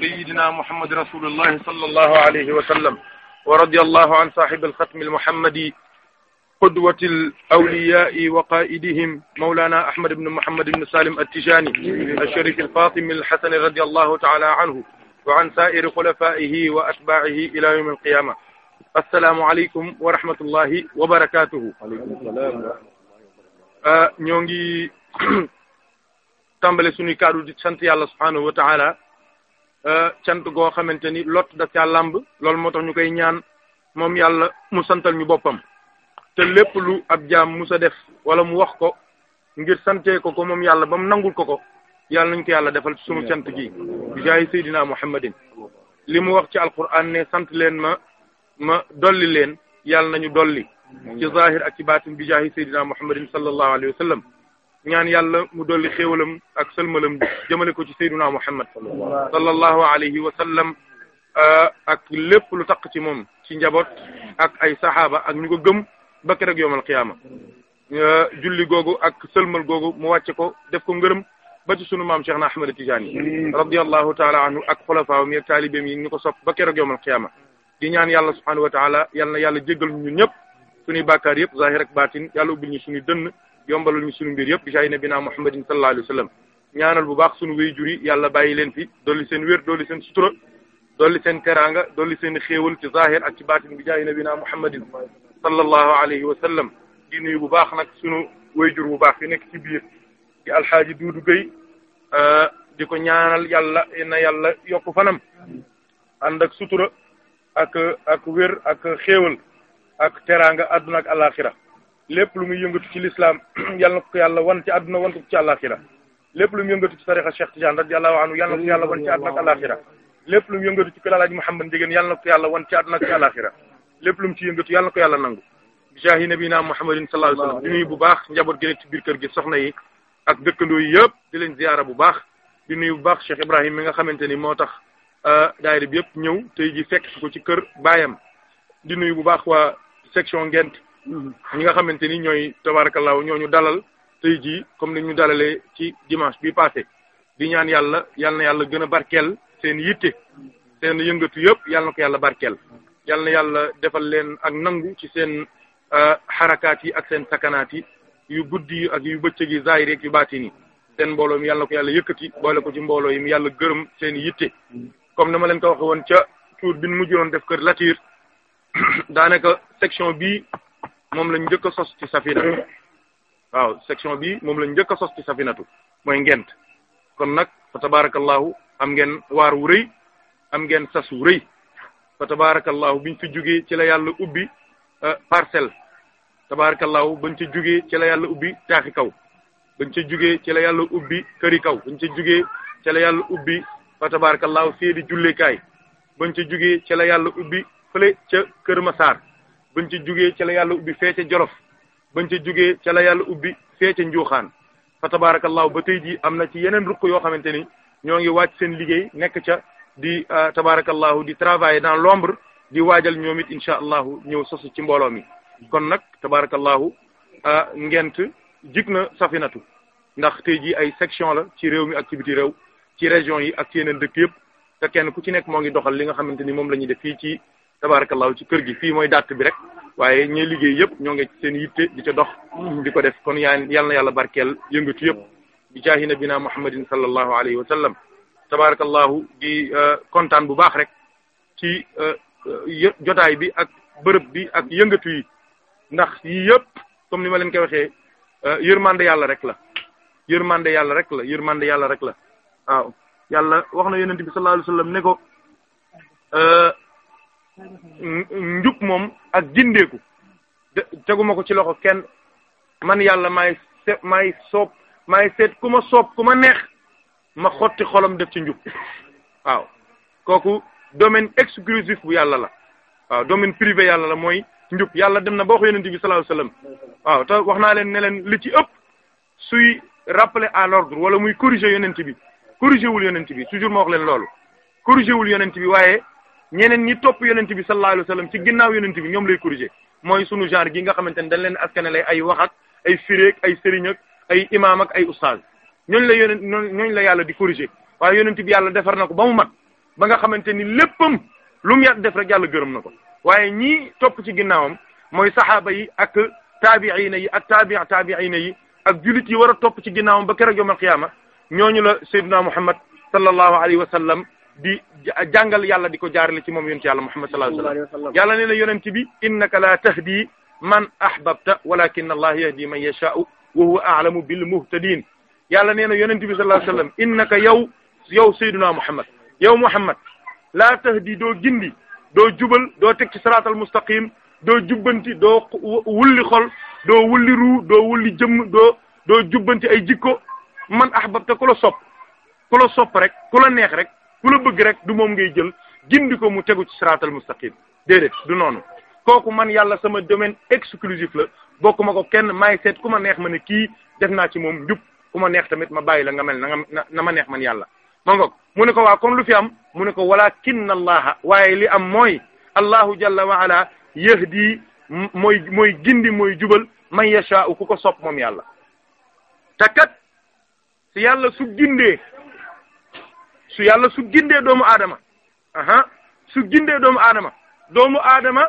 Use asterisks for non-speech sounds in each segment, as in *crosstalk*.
سيدنا محمد رسول الله صلى الله عليه وسلم ورضي الله عن صاحب الختم المحمدي قدوة الأولياء وقائدهم مولانا أحمد بن محمد بن سالم التجاني الشريف الفاطمي الحسن رضي الله تعالى عنه وعن سائر خلفائه وأتباعه إلى يوم القيامة السلام عليكم ورحمة الله وبركاته ñoo ngi tàmbale suñuy kàddu di sant yàlla subhanahu wa taala Euh, cant goo xamante ni lot da caa làmb loolu moo tax ñu koy ñaan moom yàlla mu santal ñu boppam te lépp lu ab jaam mu sa def wala mu wax ko ngir sante ko ko moom yàlla ba mu nangul ko ko yàlla nañ ko yàlla defal ci sunu cant gi bijaayi seydina muhammadin li mu wax ci alquran ne sant leen ma ma dolli leen yàlla nañu dolli ci zahir ak ci baatin bijaayi seydina muhammadin sallallahu alayhi wa sallam ñaan yàlla mu dolli xéewalam ak sëlmalam jëmale ko ci sayduna muhammad sallallahu alayhi wa sallam uh, ak lépp lu taq ci moom ci njaboot ak ay saxaaba ak ñu ko gëm ba keroog yowmal qiyaama uh, julli googu ak sëlmal googu mu wàcce ko def ko ngërëm ba sunu maam Cheikh na Ahmed Tidiane radiyallahu taala anhu ak xulafaawam yi ak taalibeem yi ñu ko sopp ba keroog yowmal qiyaama yàlla subhanahu yàlla baatin yàlla ubbil ñu suñuy dënn yombalal ñu sunu mbir yëpp bi jaayina binaa muhammadin sallallahu alayhi wa ñaanal bu baax sunu wéyjur yi yàlla bàyyi leen fi dolli seen wér dolli seen sutura dolli seen teraanga dolli seen xéewal ci zahir ak ci baatin bi jaayina binaa muhammadin sallallahu alayhi wa sallam di nuyu bu baax nag sunu wéyjur bu baax fi nekk ci biir di alxaaji Duudu Gueye ah, di ko ñaanal yàlla na yàlla yokk fanam ànd ak sutura ak ak wér ak xéewal ak teraanga àdduna ak lépp lu mu yëngatu ci lislaam *clears throat* yàlla na ko yàlla wan ci àdduna wan ko ci àllaaxira lépp lu mu yëngatu ci tarixa Cheikh Tidiane radiyallahu anhu yàlla na ko yàlla wan ci àdduna ak àllaaxira lépp lu mu yëngatu ci kër Alaaji Muhammad yàlla na ko yàlla wan ci àdduna ak ci àllaaxira lu mu ci yëngatu yàlla na ko yàlla nangu bijaahi nabina Muhammadin sallallahu alayhi wasallam di nuyu bu baax njaboot gi nekk ci biir kër gi soxna yi ak dëkkandoo yi yëpp di leen ziyaara bu baax di nuyu bu baax Cheikh Ibrahim mi nga xamante ni moo tax euh, daayira bi yëpp ñëw te ji fekk ko ci kër baayam di nuyu bu baax waa section Ngent ñi nga xamante ni ñooy ñoo ñu dalal tey jii comme ni ñu dalalee ci dimanche bi passé di ñaan yàlla yal yàlla gën a barkeel seen yitte seen yëngatu yëpp yal ko yàlla barkeel yal na yàlla defal leen ak nangu ci seen euh, xarakaat yi ak seen sakanaat yi yu guddi yi ak yu bëccëg yi zaahir ak yu baatin yi seen mbooloo mi yal ko yàlla yëkkati boole ko ci mbooloo yi yàlla gërëm seen yitte comme ni ma leen ko waxee woon ca tuur bi nu mujjoon def kër Latiir *coughs* moom lañ njëkk a sos ci safinatu waaw section bi moom lañ njëkk a sos ci safinatu mooy ngent kon nag fa tabarakallahu am ngeen waar wu rëy am ngeen sas wu rëy fa tabarakallahu biñ fi jugee ci la yàlla ubbi euh, parcelle tabarakallahu bañ ci jugee ci la yàlla ubbi taaxi kaw bañ ci jugee ci la yàlla ubbi këri kaw bañ ci jugee ci la yàlla ubbi fa tabarakallahu seedi jullekaay bañ ci jugee ci la yàlla ubbi fële ca Kër Masaar bañ ca jugee ca la yàlla ubbi fee ca jolof bañ ca jugee ca la yàlla ubbi fee njuuxaan fa tabaarakallaahu ba tey jii am na ci yeneen ruq yoo xamante ni ñoo ngi wàcc seen liggéey nekk ca di ah, tabaarakallaahu di travailler dans l'ombre di waajal ñoom it incha allahu ñëw sosu ci mbooloo mi kon nag tabaarakallaahu ah, ngent jig na safinatu ndax tey jii ay section la ci réew mi ak réew ci région yi ak ci yeneen dëkk yëpp kenn ku ci nekk moo ngi doxal li nga xamante ni moom la ñuy def fii ci tabarakallahu ci kër gi fii mooy dàtt bi rek waaye ñi liggéey yëpp ñoo ngi ci seen yitte di ca dox di ko def kon yaa yal na yàlla barkeel yëngatu yëpp bi jaahi nabina muhammadin sallallahu alayhi wa sallam tabarakallahu di euh, kontaan bu baax rek ci euh, jotaay bi ak bërëb bi ak yëngatu yi ndax yii yëpp comme ni ma leen koy waxee euh, yërmande yàlla rek la yërmande yàlla rek la yërmande yàlla rek la waaw yàlla wax na bi sallallahu alayhi wa sallam ne ko njub moom ak gindeeku teguma ko ci loxo kenn man yàlla may se maay soob maay seet ku ma soob ku ma neex ma xotti xolam def ci njub waaw kooku domaine exclusif bu yàlla la waaw domaine privé yàlla la mooy njub yàlla dem na ba wax yonent bi sallallahu wax naa leen ne leen li ci ëpp suy rappeler à l'ordre wala muy corriger yonent bi corriger wul yonent bi toujours ma wax leen loolu corriger wul yonent waaye ñeneen ñi topp yonent bi sallallahu alayhi wa sallam ci ginnaaw yonent bi ñoom lay corriger mooy sunu genre gi nga xamante ne dañ leen askane lay ay wax ak ay fireek ay sëriñ ay imaam ak ay ustaaz ñooñu la yonent ñooñu la yàlla di corriger waaye yonent bi yàlla defar na ko ba mu mat ba nga xamante ni léppam lu mu yàgg def rek yàlla gërëm na ko waaye ñi topp ci ginnaawam mooy saxaaba yi ak taabiina yi ak taabi taabiina yi ak jullit yi war a topp ci ginnaawam ba keroog yawmal qiyaama ñooñu la Seydina Muhammad sallallahu alayhi wa sallam di jàngal yàlla di ko jaarale ci moom yonent yàlla Muhammad sallallahu alayhi wa sallam yàlla nee na yonent bi innaka la tahdi man ahbabta walakin allah yahdi man yasha'u wa huwa a'lamu bil muhtadin yàlla nee na yonent bi sallallahu alayhi wa sallam innaka yow yow sayyiduna Muhammad yow Muhammad la tahdi doo gindi doo jubal doo teg ci siraatal mustaqim doo jubbanti doo wulli xol doo wulli ruu doo wulli jëmm doo doo jubbanti ay jikko man ahbabta ku la sopp ku la sopp rek ku la neex rek ku la bëgg rek du moom ngay jël gindi ko mu tegu ci siraatal mustaqim déedéet du noonu kooku man yàlla sama domaine exclusif la bokkuma ko kenn maay seet ku ma neex ma ne kii def naa ci moom njub ku ma neex tamit ma bàyyi la nga mel na nga ma neex man yàlla ma ngoog mu ne ko waa kon lu fi am mu ne ko walakin allaha waaye li am mooy allahu jalla wa ala di mooy mooy gindi mooy jubal man yashaa'u ku ko sopp moom yàlla te si yàlla su gindee su yàlla su gindee doomu aadama aha su gindee doomu aadama doomu aadama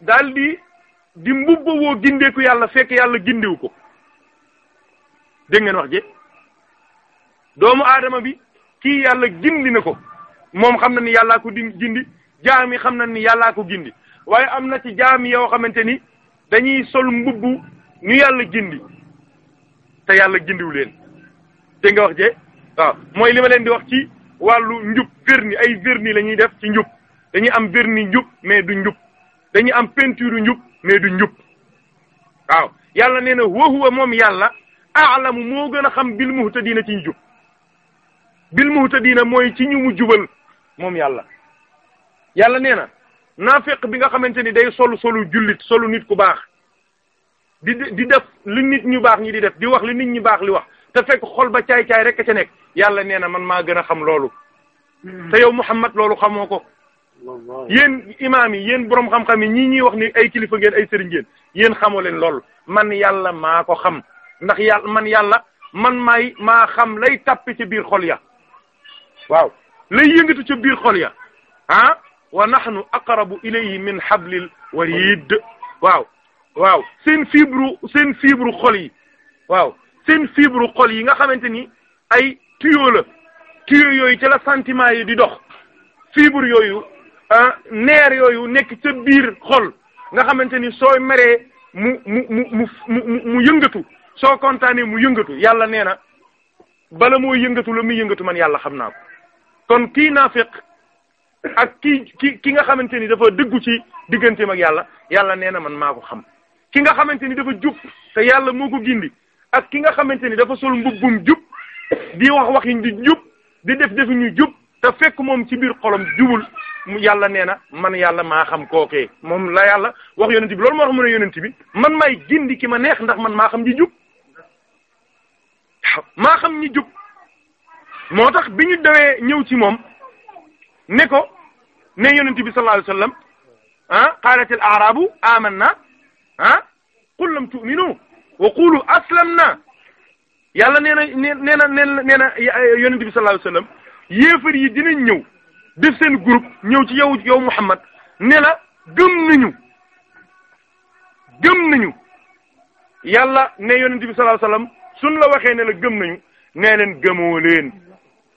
daal di di mbubba woo gindeeku yàlla fekk yàlla gindiw ko dégg wax ji doomu aadama bi kii yàlla gindi na ko moom xam na ni yàllaa ko di gindi jaam yi xam na ni yàllaa ko gindi waaye am na ci jaam yoo xamante ni dañuy sol mbubb ñu yàlla gindi te yàlla gindiw leen dégg wax je waaw mooy li ma di wax ci wàllu njub vernis ay vernis la ñuy def ci njub dañuy am vernis njub mais du njub dañuy am peinture njub mais du njub waaw yàlla nee na wa huwa moom yàlla aalamu moo gën a xam bil diina ci njub bil muhtadina mooy ci ñu mu jubal moom yàlla yàlla nee na naafeq bi nga xamante ni day solu solu jullit solu nit ku baax di di def li nit ñu baax ñi di def di wax li nit ñi baax li wax te fekk xol ba caay-caay rek a ca nekk yàlla nee na man maa gën a xam loolu hmm. te yow Muhammad loolu xamoo ko yéen imaam yi yéen borom xam-xam yi ñi ñuy wax ni ay kilifa ngeen ay sëriñ ngeen yéen xamoo leen lool man yàlla maa ko xam ndax yàlla man yàlla man maay maa xam lay tàppi ci biir xol ya waaw lay yëngatu ci biir xol ya ah wa nahnu aqrabu ilayhi min hablil warid waaw seen fibre seen fibre xol yi waaw seen fibre xol yi nga xamante ni ay tuyau la tuyau yooyu ci la santiment yi di dox fibre yooyu ah, neer yooyu nekk ca biir xol nga xamante ni sooy meree mu mu mu mu mu yëngatu soo kontaanee mu yëngatu yàlla nee na bala mooy yëngatu la muy yëngatu man yàlla xam naa ko kon kii naafiq ak kii kii ki nga xamante ni dafa dëggu ci digganteem mag yàlla yàlla nee na man maa ko xam ki nga xamante ni dafa jub te yàlla moo ko gindi ak ki nga xamante ni dafa sol mbubbum jub di wax waxin di jub di def defi ñu jub te fekk moom ci biir xolom jubul mu yàlla nee na man yàlla maa xam kookee moom la yàlla wax yonent bi loolu moo mu ne yonent bi man may gindi ki ma neex ndax man maa xam ñi jub maa xam ñi jub moo tax bi ñu dawee ñëw ci moom ne ko ne yonent bi sallallahu alayhi ah qaalat al amanna ah qul lam tu'minu wa qulu aslamna yàlla nee na nee na nee na nee na yonent bi sallallahu alayhi wasallam yéefar yi dinañ ñëw def seen groupe ñëw ci yow yow Muhammad ne la gëm nañu gëm nañu yàlla ne yonent bi sallallahu alayhi wasallam suñ la waxee ne la gëm nañu nee leen gëmoo leen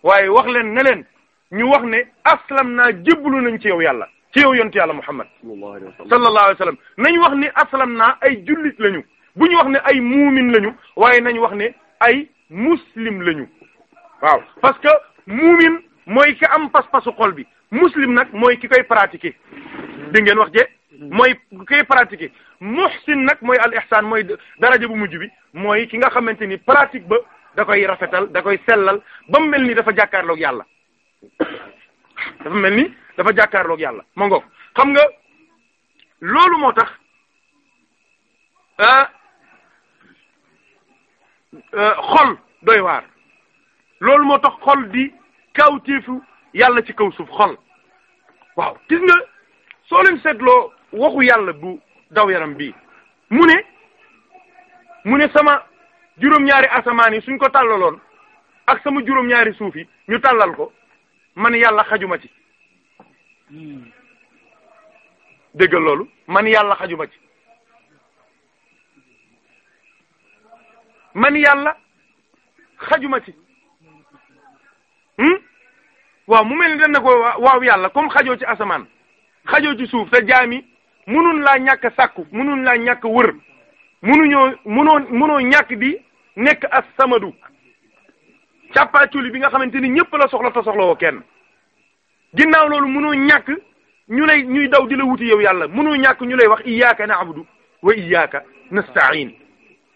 waaye wax leen ne ñu wax ne aslam naa jébbalu nañ ci yow yàlla ci yow yonent yàlla Muhammad sallallahu alayhi wasallam nañ wax ni aslam naa ay jullit lañu bu ñu wax ne ay muumin lañu waaye nañu wax ne ay muslim lañu waaw parce que muumin mooy ki am pas-pasu xol bi muslim nag mooy ki koy pratiquer di ngeen wax je mooy ki koy pratiquer muhsin nag mooy al ihsan mooy daraja bu mujj bi mooy ki nga xamante ni pratique ba da koy rafetal da koy sellal ba mu mel ni dafa jàkkaarlook yàlla *coughs* dafa mel ni dafa jàkkaarlook yàlla ma xam nga loolu moo tax ah, Euh, xol doy waar loolu moo tax xol di kawteefu yàlla ci kaw suuf xol waaw gis nga soo leen seetloo waxu yàlla bu daw yaram bi mu ne mu ne sama juróom-ñaari asamaan yi suñ ko tàllaloon ak sama juróom-ñaari suuf yi ñu tàllal ko man yàlla xajuma ci hmm. déggal loolu man yàlla xajuma ci man yàlla xajuma ci hmm? waaw mu mel ni dan na waaw yàlla comme xajoo ci asamaan xajoo ci suuf te jaami munun laa ñàkk a sàkku munun laa ñàkk wër munuñoo munoo munoo ñàkk di nekk as samadu càppaaculi bi nga xamante ni ñëpp la soxla te soxla woo kenn ginnaaw loolu munoo ñàkk ñu lay ñuy daw di la wuti yow yàlla munoo ñàkk ñu lay wax iyyaka na'budu wa iyyaka nasta'in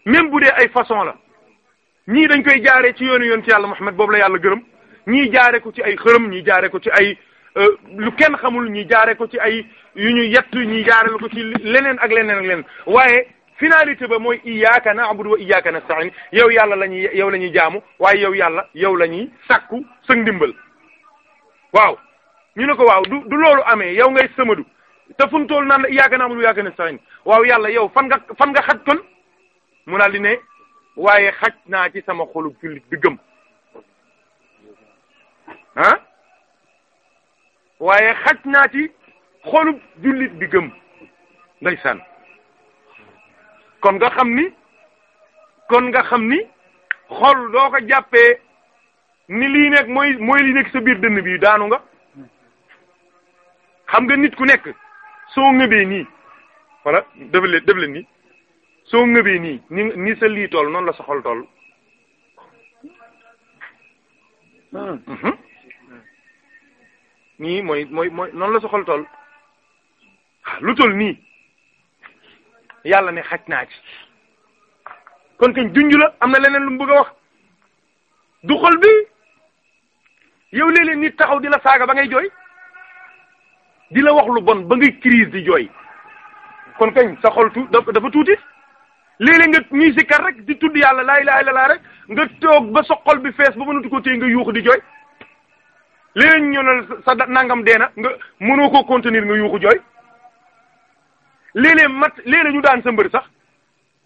même bu dee ay façon la ñii dañ koy jaaree ci yoonu yoon ci yàlla Muhammad boobu la yàlla gërëm ñii jaare ko ci ay xërëm ñii jaare ko ci ay euh, lu kenn xamul ñii jaare ko ci ay yu ñu yett ñii jaarel ko ci leneen ak leneen ak leneen waaye finalité ba mooy iyyaka na'budu wa iyyaka nasta'in yow yàlla la ñuy yow la ñuy jaamu waaye yow yàlla yow la ñuy sàkku sa ndimbal waaw ñu ne ko waaw du du loolu amee yow ngay sëmadu te fu mu toll naan la iyyaka na'budu wa iyyaka mu daal di ne waaye xaj naa ci sama xolub jullit bi gëm waaye xaj naa ci xolub jullit bi gëm ndeysaan kon nga xam ni kon nga xam ni xol doo ko jàppee ni lii nekk mooy mooy lii nekk sa dënn bi daanu nga xam nga nit ku nekk soo ngëbee nii wala def leen def leen nii soo ngëbee nii ni ni sa lii tool noonu la sa xol tool hmm. mhm. nii mooy mooy mooy la sa xol tool ah, lu toll nii yàlla ne xaj naa ci kon kañ junj am na leneen lu mu bëgg a wax du xol bi yow léeg-léeg nit taxaw di la saaga ba ngay jooy di la wax lu bon ba ngay crise di jooy kon kañ sa xol tu dafa tuuti léeg nga ñuy sikkar rek di tudd yàlla laa ilaha illallah rek nga toog ba soqol bi fees ba mënatu ko téye nga yuuxu di jooy léeg ñu ne sa nangam na nga mënoo ko contenir nga yuuxu jooy léeg-léeg mat léeg ñu daan sa mbër sax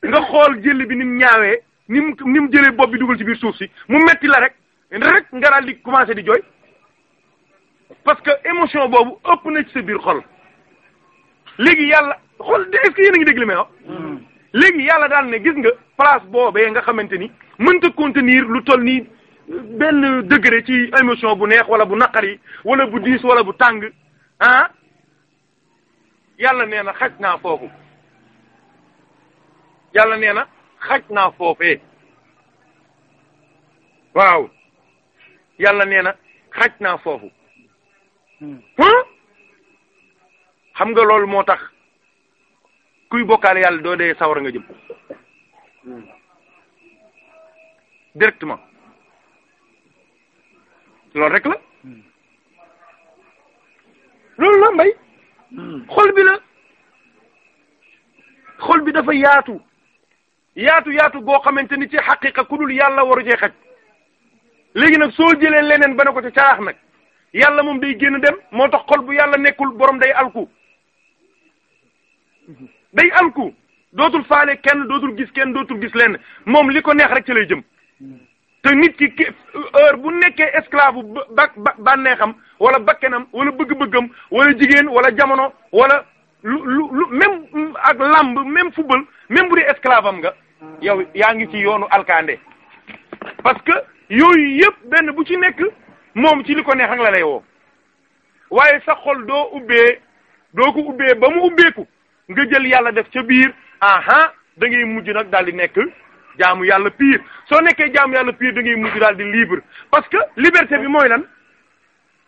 nga xool jëli bi ni mu ñaawee ni mu ni mu jëlee bopp bi dugal ci biir suuf si mu metti la rek rek nga daal di commencé di jooy parce que émotion boobu ëpp na ci sa biir xol léegi yàlla xol est-ce que yéen a ngi dégg li may wax hmm. léegi yàlla daal ne gis nga place boobee nga xamante ni mënta contenir lu tol nii benn degré ci émotion bu neex wala bu naqari wala bu diis wala bu tàng ah yàlla nee na xaj naa foofu yàlla nee na xaj naa foofee waaw yàlla nee na xaj naa foofu hmm. xam nga loolu moo tax kuy bokkaale yàlla doo dee sawar nga jëm directement loolu rek la loolu la mbay xol bi la xol bi dafa yaatu yaatu yaatu goo xamante ni ci xaqiqa ku dul yàlla war cee xaj léegi nag soo jëlee leneen ba ne ko ca caax nag yàlla moom day génn dem moo tax xol bu yàlla nekkul borom day alku day alku dootul faale kenn dootul gis kenn dootul gis lenn moom li ko neex rek ci lay jëm te nit ki heure bu nekkee esclave bu ba bànneexam wala bakkenam wala bëgg-bëggam wala jigéen wala jamono wala lu lu lu même ak lamb même football même bu dee esclave am nga yow yaa ngi ci yoonu alkande parce que yooyu yëpp benn bu ci nekk moom ci li ko neex ak la lay woo waaye sa xol doo ubbee doo ko ubbee ba mu ubbeeku nga jël yàlla def ca biir aha da ngay mujj nag daal di nekk jaamu yàlla pire soo nekkee jaamu yàlla piir da ngay mujj daal di libre parce que liberté bi mooy lan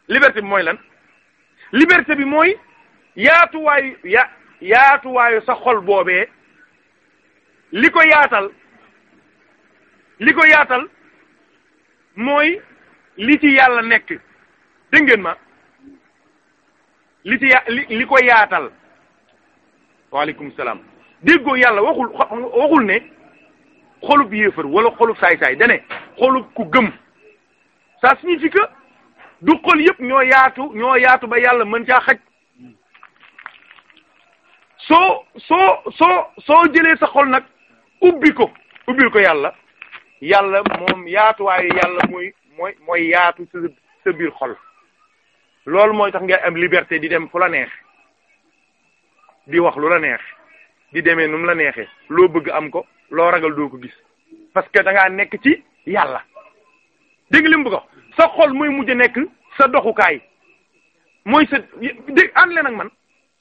liberté bi mooy lan liberté bi mooy yaatuwaayu ya yaatuwaayu sa xol boobee li ko yaatal li ko yaatal mooy li ci yàlla nekk dégg ngeen ma li ci ya li li ko yaatal waaleykum salaam déggoo yàlla waxul waxul ne xolub yéefar wala xolub saay-saay dane xolub ku gëm ça signifie que du xol yëpp ñoo yaatu ñoo yaatu ba yàlla mën caa xaj soo soo soo soo jëlee sa xol nag ubbi ko ubbil ko yàlla yàlla moom yaatuwaayu yàlla mooy mooy mooy yaatu sa biir xol loolu mooy tax nga am liberté di dem fu la neex di wax lu la neex di demee noonu la neexee loo bëgg am ko loo ragal doo ko gis parce que da ngaa nekk ci yàlla dégg li mu bëgg sa xol mooy mujj nekk sa doxukaay mooy sa dé ànd leen ak man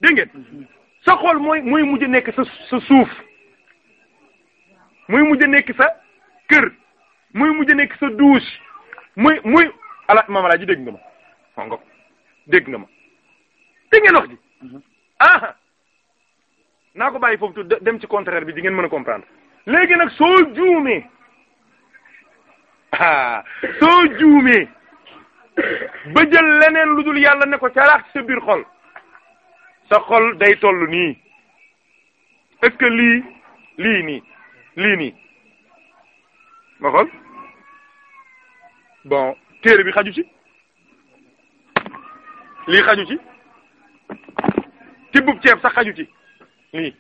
dégg ngeen sa xol mooy mooy mujj nekk sa sa suuf muy mujj nekk sa kër muy mujj nekk sa duus muy muy ala maama laa ji dégg nga ma xongo dégg nga ma dégg wax ji mhm. ah, naa ko bàyyi foofu tu dem ci contraire bi di ngeen mën a comprendre léegi nag soo juumee ah soo juumee ba jël leneen lu dul yàlla ne ko caraax ci sa biir xol sa xol day toll nii est ce que lii lii nii lii nii ma xool bon téere bi xaju ci lii xaju ci tibbub ceeb sax xaju ci lii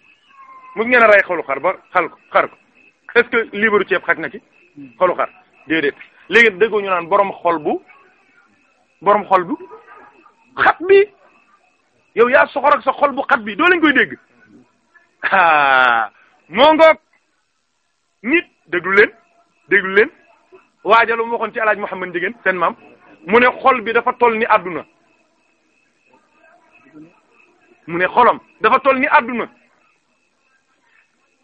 mu ngeen a rey xolu xar ba xal ko xar ko est-ce que liibaru ceeb xaj na ci xolu xar déedéet léegi dëggoo ñu naan boroom xol bu boroom xol bu xat bi yow yaa soxor ak sa xol bu xat bi doo lañ koy dégg ah moo ngoog nit déglu leen déglu leen waajalu mu waxoon ci alaaj Muhammad Ndiéguène seen maam mu ne xol bi dafa toll ni àdduna mu ne xolam dafa toll ni adduna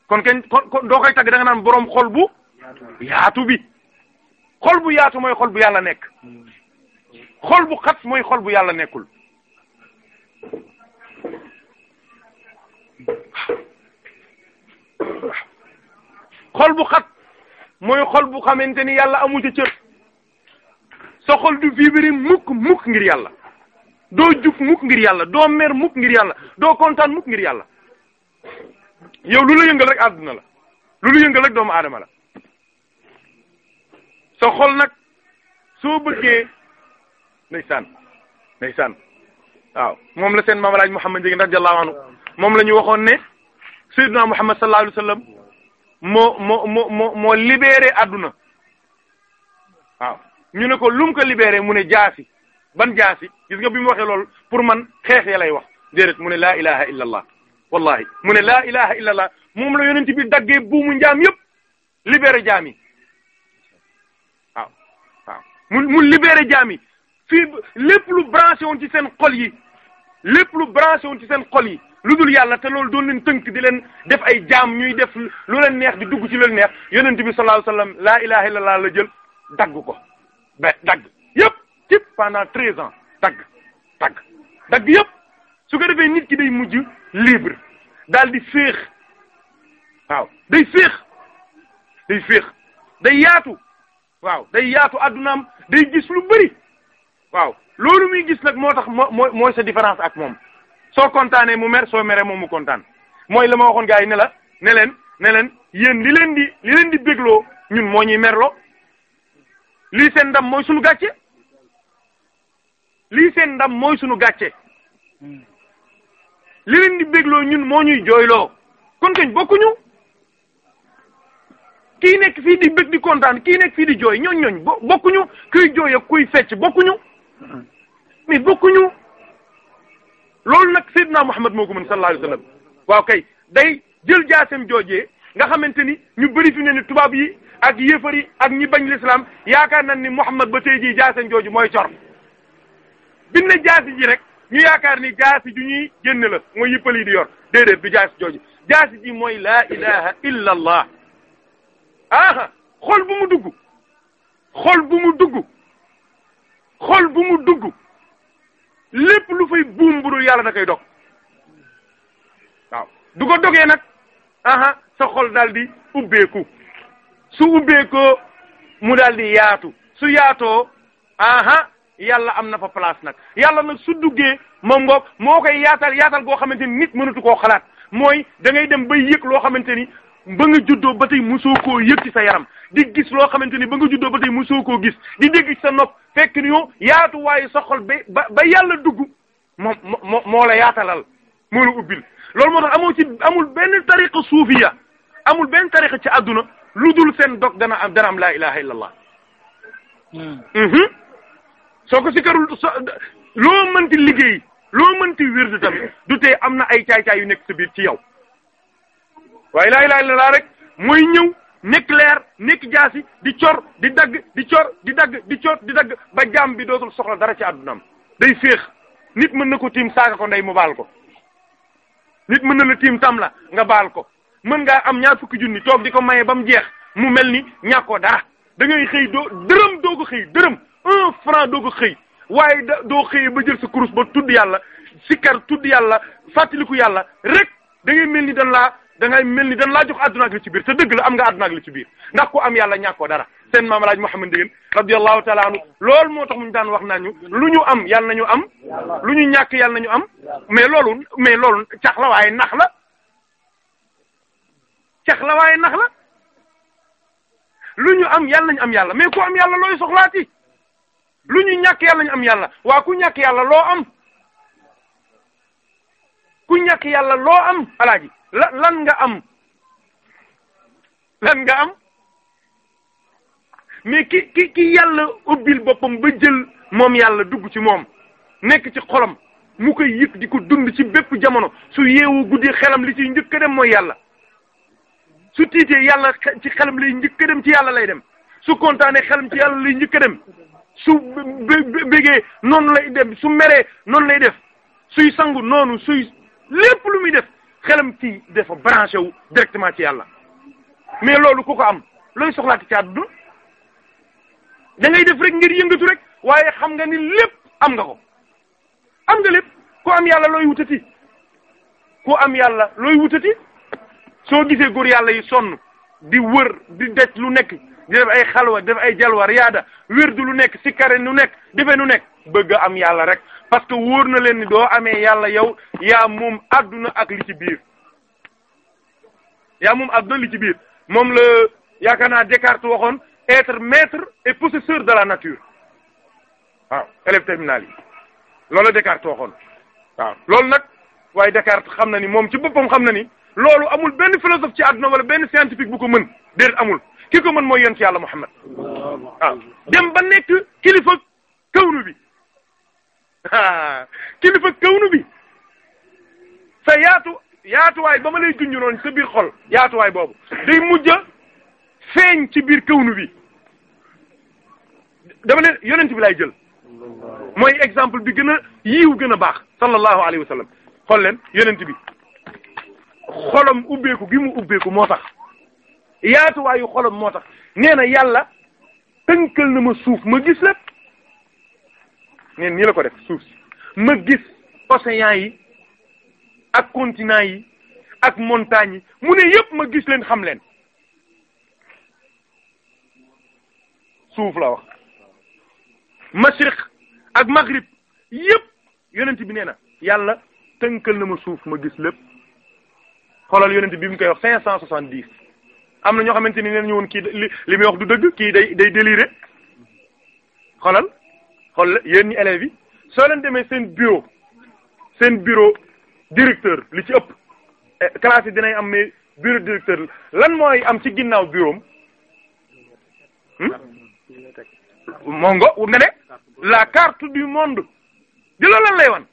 kon kenn kon doo koy tagg da naan boroom xol bu yaatu bi xol bu yaatu mooy xol bu yàlla nekk xol bu xat mooy xol bu yàlla nekkul xol bu xat mooy xol bu xamante ni yàlla amu ca cër soo xol du vibrer mukk mukk ngir yàlla doo jub mukk ngir yàlla doo mer mukk ngir yàlla doo kontaan mukk ngir yàlla yow lu la yëngal rek àdduna la lu la yëngal rek doomu aadama la sa xol nag soo bëggee ndeysaan ndeysaan waaw moom la seen maam Alaaji Muhammad Ndiéguène radiyallahu anhu moom la ñu waxoon ne Seydina Muhammad sallallahu alayhi wa moo moo moo moo moo àdduna waaw ñu ne ko lu mu ko libéré mu ne jaasi ban jaasi gis bi mu waxee loolu pour man xeex ya lay wax déedéet mu ne laa ilaha illa allah wallahi mu ne laa ilaha la allah moom la yonent bi daggee buumu njaam yëpp libéré jaam yi waaw waaw mu mu libéré jaam yi fii lépp lu branché woon ci seen xol yi lépp lu branché woon ci seen xol yi lu dul yàlla te loolu doon leen tënk di leen def ay jaam ñuy def lu leen neex di dugg ci lu neex yonent bi sallallahu alayhi wasallam laa illa allah la jël dagg ko ba dagg yëpp pendant treize ans dagg dagg dagg yëpp su ko defee nit ki day mujj libre daal di féex waaw day féex day féex day yaatu waaw day yaatu addunaam day gis lu bëri waaw loolu muy gis nag moo tax moo mooy sa différence ak moom soo kontaanee mu mer soo meree moom mu kontaan mooy la ma waxoon gars yi ne la ne leen ne leen yéen li leen di li leen di bégloo ñun moo ñuy merloo lii seen ndam mooy suñu gàcce lii seen ndam mooy sunu gàcce hmm. li leen di bégloo ñun moo ñuy jooyloo kon kañ bokkuñu kii nekk fii di bég ni kontaan kii nekk fii di jooy ñooñ ñooñ bokkuñu kuy jooy ak kuy fecc bokkuñu hmm. mais bokkuñu loolu nag naa Muhammad moo ko mën sallallahu alayhi waaw kay day jël jaasem joojee nga xamante ni ñu bari fi ne ni tubaab yi ak yéefar yi ak ñi bañ l'islam yaakaar nañ ni Muhammad ba tey jii jaasem jooju mooy cor biñ ne jaasi ji rek ñu yaakaar ni jaasi ju ñuy génn la mooy yëppal yi di yor déedéet du jaasi jooju jaasi ji mooy laa ilaha illa allah aha bu mu dugg xol bu mu dugg xol bu mu dugg lépp lu fay buum bu dul yàlla da koy dog waaw du ko dogee nag aha sa xol daal ubbeeku su ubbeekoo mu daal yaatu su yaatoo aha yàlla am na fa place nag yàlla nag su duggee moom ngoog moo koy yaatal yaatal goo xamante ni nit mënatu koo xalaat mooy da dem ba yëg loo xamante ni ba nga juddoo ba tey mosoo koo yëg ci sa yaram di gis loo xamante ni ba nga juddoo ba tey mosoo koo gis di dégg ci sa nopp fekk ni yow yaatuwaayu sa xol ba ba yàlla dugg moom moo la yaatalal moo la ubbil loolu moo tax amoo ci amul benn tariqa suufiya amul benn tariqa ci àdduna lu dul seen dog dana am dana am laa ilaha illallah hmm. mm-hmm. soo ko sikarul so loo mënti liggéey loo mënti wirdu tamit du tee am na ay caay-caay yu nekk sa biir ci yow waaye laa ilaaha illallaah rek mooy ñëw nekk leer nekk jaasi di cor di dagg di cor di dagg di cor di dagg ba jaam bi dootul soxla dara ci àddunaam day féex nit mën na ko tiim saaga ko ndey mu baal ko nit mën na la tiim tam la nga baal ko mën ngaa am ñaar fukki junni toog di ko maye ba mu jeex mu mel ni ñàkkoo dara da ngay xëy doo dërëm doo ko xëy dërëm un franc doo ko xëy waaye doo xëyee ba jël sa kurus ba tudd yàlla sikkar tudd yàlla fàttaliku yàlla rek da ngay mel ni dan laa da mel ni dan laa jox àdduna ak la ci biir te dëgg la am nga àdduna ak la ci biir ndax ku am yàlla ñàkko dara seen maam laaj Mouhamed Ndieguene radiyallahu taala anhu loolu moo tax mu ñu daan wax naan ñu lu ñu am yàlla ñu am lu ñu ñàkk yàlla nañu am mais loolu mais loolu cax la waaye nax la cax la waaye nax la lu ñu am yàlla nañu am yàlla mais yàlla looy soxlaati lu ñu ñàkk yàlla ñu am yàlla waa ku ñàkk yàlla loo am ku ñàkk yàlla loo am alaaji la lan nga am lan nga am mais ki ki ki yàlla ubbil boppam ba jël moom yàlla dugg ci moom nekk ci xolam mu koy yëg di ko dund ci bépp jamono su yeewu guddi xelam li ciy njëkk dem mooy yàlla su tiitee yàlla ci xelam lay njëkk dem ci yàlla lay dem su kontaanee xelam ci yàlla lay njëkk dem su bégee noonu lay def su meree noonu lay def suy sangu noonu suy lépp lu muy def xelam ci defa branché wu directement ci yàlla mais loolu ko ko am looy soxlaati ci àdduna da ngay def rek ngir yëngatu rek waaye xam nga ni lépp am nga ko am nga lépp ku am yàlla looy wutati ko am yàlla looy wutati soo gisee góor yàlla yi sonn di wër di def lu nekk di def ay xalwa def ay jalwa riyaada wirdu lu nekk sikkare nu nekk defe nu nekk bëgg am yàlla rek parce que wóor na leen ni doo amee yàlla yow yaa moom adduna ak li ci biir yaa moom adduna li ci biir moom la yaakaar naa Descartes waxoon être maître et possesseur de la nature waaw élève terminale yi loolu la Descartes waxoon waaw loolu nag waaye Descartes xam na ni moom ci boppam xam na ni loolu amul benn philosophe ci adduna wala benn scientifique bi ko mën déedéet amul ki ko mën mooy yonent yàlla Muhammad waaw ah, dem ba nekk kilifa kawnu bi *laughs* kilifa kawnu bi sa yaatu yaatuwaay ba ma lay junj noonu sa biir xol yaatuwaay boobu day mujj a feeñ ci biir kawnu bi dama leen yonent bi lay jël mooy exemple bi gën a yiiw gën a baax sallallahu alayhi wa sallam xool leen yonent bi xolam ubbeeku gi ubbeeku moo tax yaatuwaayu xolam moo tax nee na yàlla tënkal na ma suuf ma gis lépp nee nii la ko def suuf si ma gis océan yi ak continent yi ak montagne yi mu ne yépp ma gis leen xam leen suuf la wax mashriq ak maghrib yépp yonent bi nee na yàlla tënkal na ma suuf ma gis lépp xoolal yonent bi mu koy wax cinq cent soixante-dix am na ñoo xamante ni neen ñu woon kii li muy wax du dëgg kii day day déliré xoolal xool yéen ñi élèves yi soo leen demee seen bureau seen bureau directeur li ci ëpp eh, classe yi dinay am mais bureau directeur lan mooy am ci ginnaaw bureau am hmm? mongo nga ne la carte du monde di loolu lan lay wan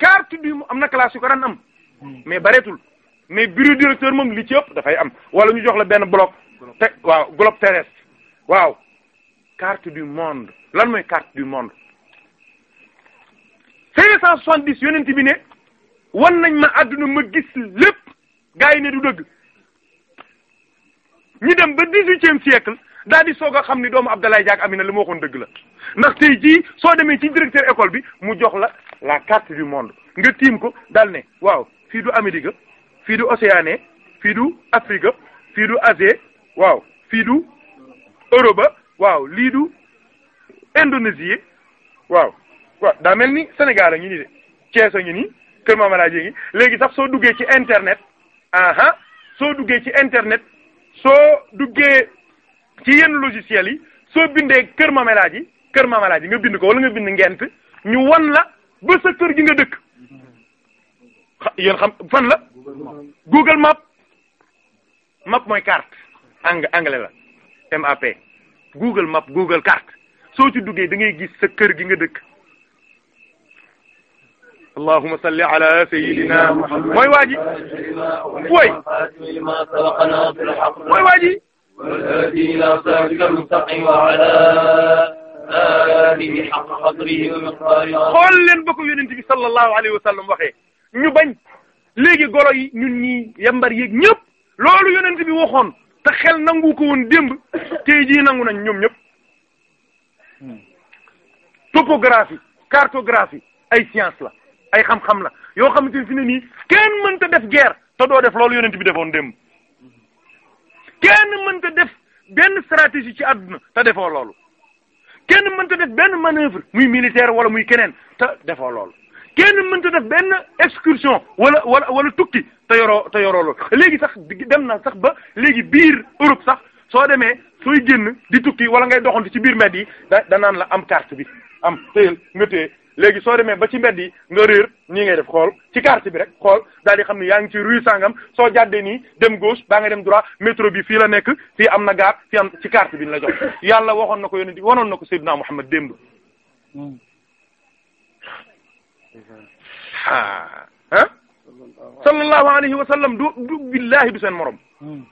carte du am na classe yu ko daan am mais bareetul mais bureau directeur moom li ci ëpp dafay am wala ñu jox la benn bloc. te waaw globe terrestre waaw carte du monde lan mooy carte du monde cinq cent soixante dix yonent bi ne wan nañ ma àdduna ma gis lépp gars yi ne du dëgg ñu dem ba dix-huitième siècle daal di soog a xam ni doomu Abdoulaye Diack Amina li ma waxoon dëgg la ndax tey jii soo demee ci directeur école bi mu jox la la carte du monde nga tiim ko dal ne waaw fii du Amérique fii du Océanie fii du Afrique fii du Asie waaw fii du Europe waaw lii du waaw waaw daa mel ni senegal a ngi nii de Thiès a ngi Kër Mamala ngi léegi sax soo duggee ci internet aha soo duggee ci internet soo duggee ci yenn logiciel yi soo bindee kër mamelaaji kër mamelaaji nga bind ko wala nga bind ngent ñu won la ba sa kër gi nga dëkk yéen la Google map map mooy carte ang anglais la MAP Google map Google carte soo ci duggee da ngay gis sa kër gi nga dëkk allahuma salli ala sayidina muhammad mooy waaji wooy mooy waaji xool leen ba ko yonent bi sallallahu alayhi wa sallam waxee ñu bañ léegi golo yi ñun ñii yambar yéeg ñëpp loolu yonent bi waxoon te xel nangu ko woon démb tey jii nangu nañ ñoom ñëpp topographie cartographie ay science la ay xam-xam la yoo xamante ne fi ne nii kenn mënta def guerre te doo def loolu yonent bi defoon démb kenn mënta def benn stratégie ci àdduna te defoo loolu kenn mënta def benn manœuvre muy militaire wala muy keneen te defoo loolu kenn mënta def benn excursion wala wala wala tukki te yoroo te yoro lool léegi sax dem na sax ba léegi biir Europe sax soo demee sooy génn di tukki wala ngay doxantu ci biir mbedd yi da danaan la am carte bi am téyel nga téye léegi soo demee ba ci mbedd yi nga réer nii ngay def xool ci carte bi rek xool daal di xam ne yaa ngi ci rue sangam soo jàddee nii dem gauche baa nga dem droit métro bi fii la nekk fii am na gaar fii am ci carte bi ñu la jox yàlla waxoon na ko yonent bi wanoon na ko Seydina Muhammad démb hmm. ah ah sallallahu alayhi wa sallam du du billahi du seen moroom hmm.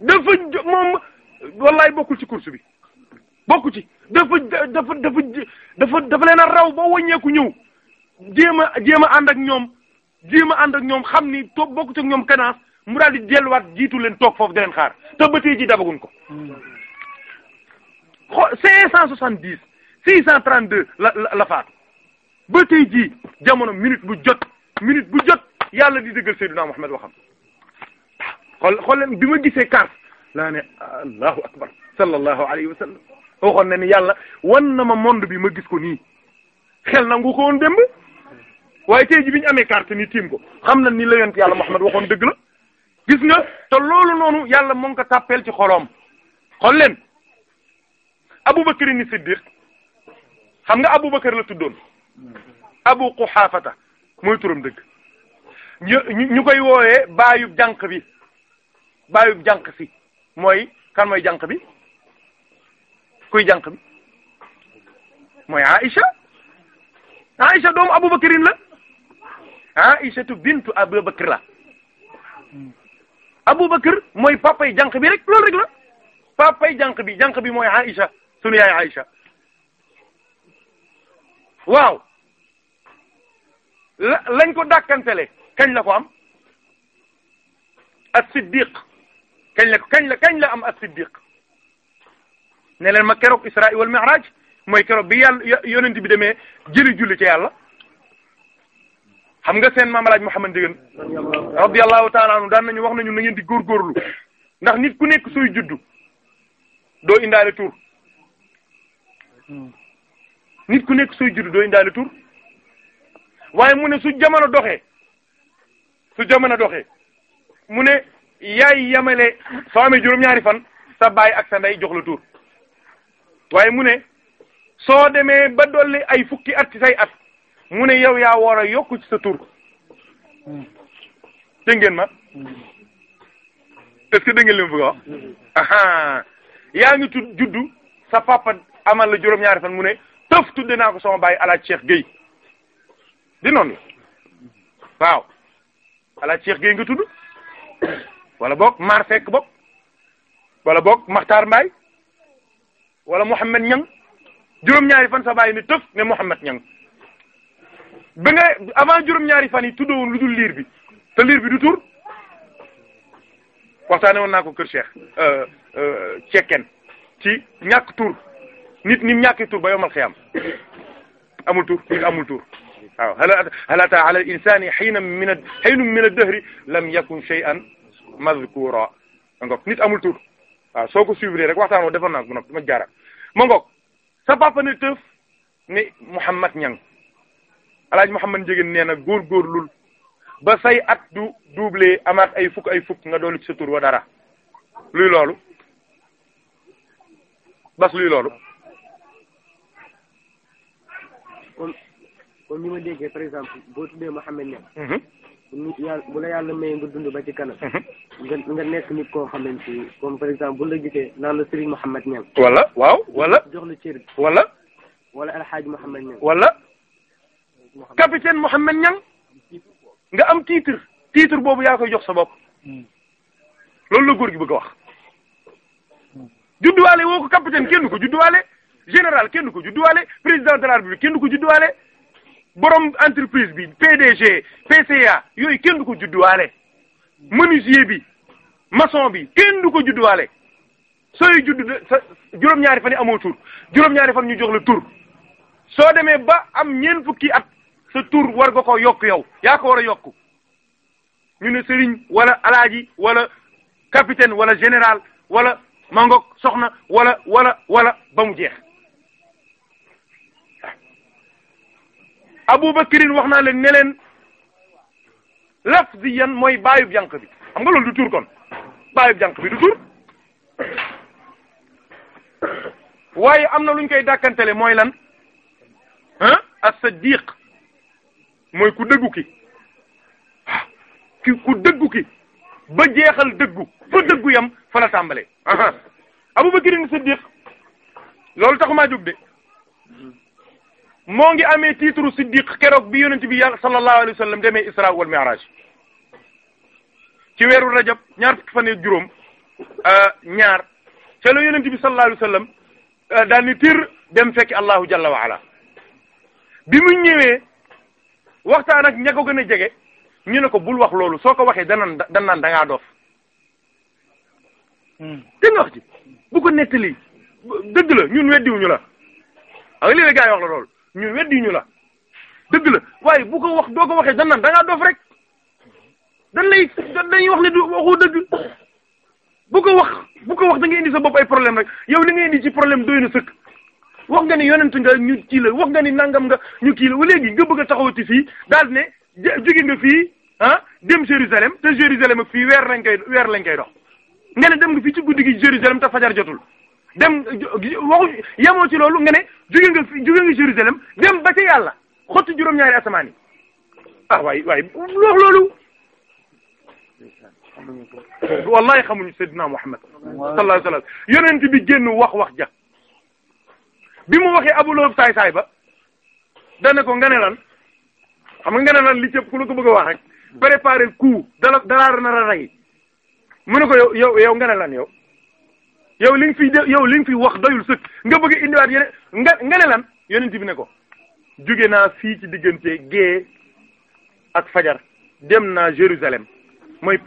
dafa moom wallahi bokkul ci course bi bokku ci dafa dafa dafa dafa dafa leen a raw ba wàññeeku ñëw jéem a jéem a ànd ak ñoom jéem ànd ak ñoom xam ni toog bokku ci ak ñoom kanaas mu daal di delluwaat jiitu leen toog foofu di leen xaar te ba ji dabaguñ ko hmm. xo cinq cent soixante dix six cent trente deux la la faatu ba tey jii jamono minute bu jot minute bu jot yàlla di dëggal Seydina Muhammad waxam xool xool leen bi ma gisee carte laa ne allahu akbar sallallahu alayhi wa sallam waxoon na yàlla wan na ma monde bi ma gis ko nii xel nangu ko woon démb waaye tey ji bi ñu amee carte ni tiim ko xam na ni la yonent yàlla Muhammad waxoon dëgg la gis nga te loolu noonu yàlla mu ngi ko tàppeel ci xoloom xool leen Abubakar ni Siddiq xam nga Abubakar la tuddoon abu quxaafata mooy turam dëgg ñu ñu koy wooyee baayub jànq bi baayub jànq si mooy kan mooy jànq bi kuy janq bi mooy Aïcha Aïcha doomu Aboubacrine la Aïchatu bintu Aboubacar la Aboubacar mooy papay jànq bi rek loolu rek la papay jànq bi janq bi mooy Aïcha sunu yaay Aïcha waaw la lañ ko dàkkantele kañ la ko am as-siddiq kañ la kañ la kañ la am as-siddiq ne leen ma keroog isra wal mi'raj mooy keroog bi yàlla yonent bi demee jëli julli ci yàlla xam nga seen maam alaaj Muhammad Ndieguene radiyallahu taala anhu daan nañu wax nañu na ngeen di góorgóorlu ndax nit ku nekk suy juddu doo indaale tur nit ku nekk sooy juddu doo indaale tur waaye mu ne su jamono doxee su jamono doxee mu ne yaay yamale soo amee juróom-ñaari fan sa baay ak sa ndey jox la tur waaye mu ne soo demee ba dolli ay fukki at ci say at mu ne yow yaa war a yokku ci sa tur dégg ngeen ma est-ce que dégg ngeen mm-hmm. yaa ngi tudd juddu sa papa amal la juróom-ñaari fan mu ne tëf tudde naa ko sama baay alaaj Cheikh Gueye di noonu waaw alaaj Cheikh Gueye nga tudd wala boog Mar Seck boog wala boog Makhtar Mbaye wala Mouhamed Niang juróom-ñaari fan sa baay ni tëf ne Mouhamed Niang ba avant juróom-ñaari fan yi tuddowoon lu dul liir bi te liir bi du tur waxtaane woon naa ko kër Cheikh euh, euh, Cekkeen ci ñàkk tur nit ñi ñàkki tur ba yowmal xiyaam amul tur nit amul tur waaw hal hal ataa ala al insani min a xiinum min ad-dahri lam yakun soo ko suivre rek waxta woo defoon naa ko bu noppi ma jaaraat ma ngoog sa papa ne tëf ne Mouhamad Niang alaaj Mouhamad Ndiéguène nee na góorgóorlul ba say at du doublé amaat ay fukk ay fukk nga dolli ci sa tur wa dara luy loolu bas luy loolu comme comme ni ma déggee par exemple boo tuddee Mouhamed Niang. Mhm. bu yàlla la yàlla maye nga dund ba ci kanam. Mhm. nga nga nekk nit xam xamante si comme par exemple bu la gisee naan la Serigne Mouhamed Niang. wala waaw wala. jox la cër wala. wala El Hadj Mouhamed Niang. wala. capitaine Mouhamed Niang. nga am titre titre boobu yaa koy jox sa bopp. Hmm. loolu la góor gi bëgg a wax. Hmm. judduwaale woo ko capitaine kenn ko judduwaale. général kenn ko judduwaale président de la république kenn ko judduwaale borom entreprise bi PDG PCA yooyu kenn ko judduwaale menuisier bi mason bi kenn du ko judduwaale sooy judd sa juróom-ñaari fan yi amoo tur juróom-ñaari fan ñu jox la tur soo demee ba am ñeent fukki at sa tur war nga ko yokk yow yaa ko war a yokk ñu ne sëriñ wala alaaji wala capitaine wala général wala mangok soxna wala wala wala ba mu jeex Aboubacrine wax naa leen ne leen lafziyan mooy baayub jànq bi xam nga loolu du tur kon baayub jànq bi du waaye am na lu ñu koy dàkkantele mooy lan ah as-Siddiq mooy ku dëggu ki ki ku dëggu ki ba jeexal dëggu fa dëggu yam fa la tàmbalee. Aboubacrine Siddiq loolu taxumaa jóg de. moo ngi amee titre siddiq keroog bi yonent bi yàlla sallallahu alayhi wa sallam demee isra wal mi'raj ci weeru rajab ñaar fukki juróom euh, ñaar ca la yonent bi sallallahu alayhi wa sallam euh, daal ni tir dem fekk allahu jalla wa ala bi mu ñëwee waxtaan ak ña ko gën a jege ñu ne ko bul wax loolu soo ko waxee danaan danaan da ngaa dof te hmm. nga wax ji bu ko nettali dëgg la ñun weddiwuñu la ak lii gaa yi la loolu ñu weddi ñu la dëgg la waaye bu ko wax doo ko waxee dan naan da ngaa dof rek dan lañuy wax ne du waxoo dëgg bu ko wax bu ko wax da nga indi sa bopp ay problème rek yow li nga indi ci problème doy na sëkk wax nga ni yonent nga ñu kii la wax nga ni nangam nga ñu kii la ba léegi nga bëgg a taxawati fii daal ne jóge nga fii ah dem Jérusalem te Jérusalem ak fii weer lañ koy weer lañ koy dox nga ne dem nga fii ci guddi gi Jérusalem te fajar jotul dem waxu yemoo ci loolu nga ne jóge nga jóge nga Jérusalem dem ba ca yàlla xottu juróom-ñaari asamaan yi ah waay waay wax loolu wallahi xamuñu Seydina Muhammad sallallahu alayhi wa sallam yonent bi génn wax wax ja bi mu waxee Abu Lahab saay saay ba dana ko nga ne lan xam nga lan li cëpp ku ko bëgg a wax rek préparer coup dala dalaar nar a rey mu ne ko yow yow yow nga ne lan yow yow li nga fi yow li nga fi wax doyul sëkk nga bëgg a indiwaat yeneen nga nga ne lan yonent bi ne ko jóge naa fii ci diggante gée ak fajar dem naa Jérusalem mooy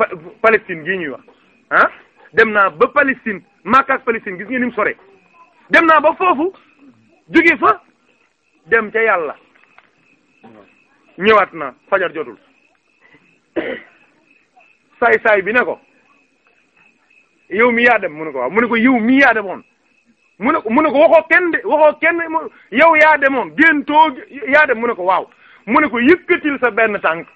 Palestine gi ñuy wax ah dem naa ba Palestine Makka ak Palestine gis ngeen ni sore dem naa ba foofu jóge fa dem ca yàlla ñëwaat na fajar jotul *coughs* saay saay bi ne ko yow mi yaa mu ne ko waaw mu ne ko yow mi yaa demoon mu ne ko mu ne ko waxoo kenn de waxoo kenn yow yaa demoon géntoo mu ne ko waaw mu ne ko yëkkatil sa benn tànk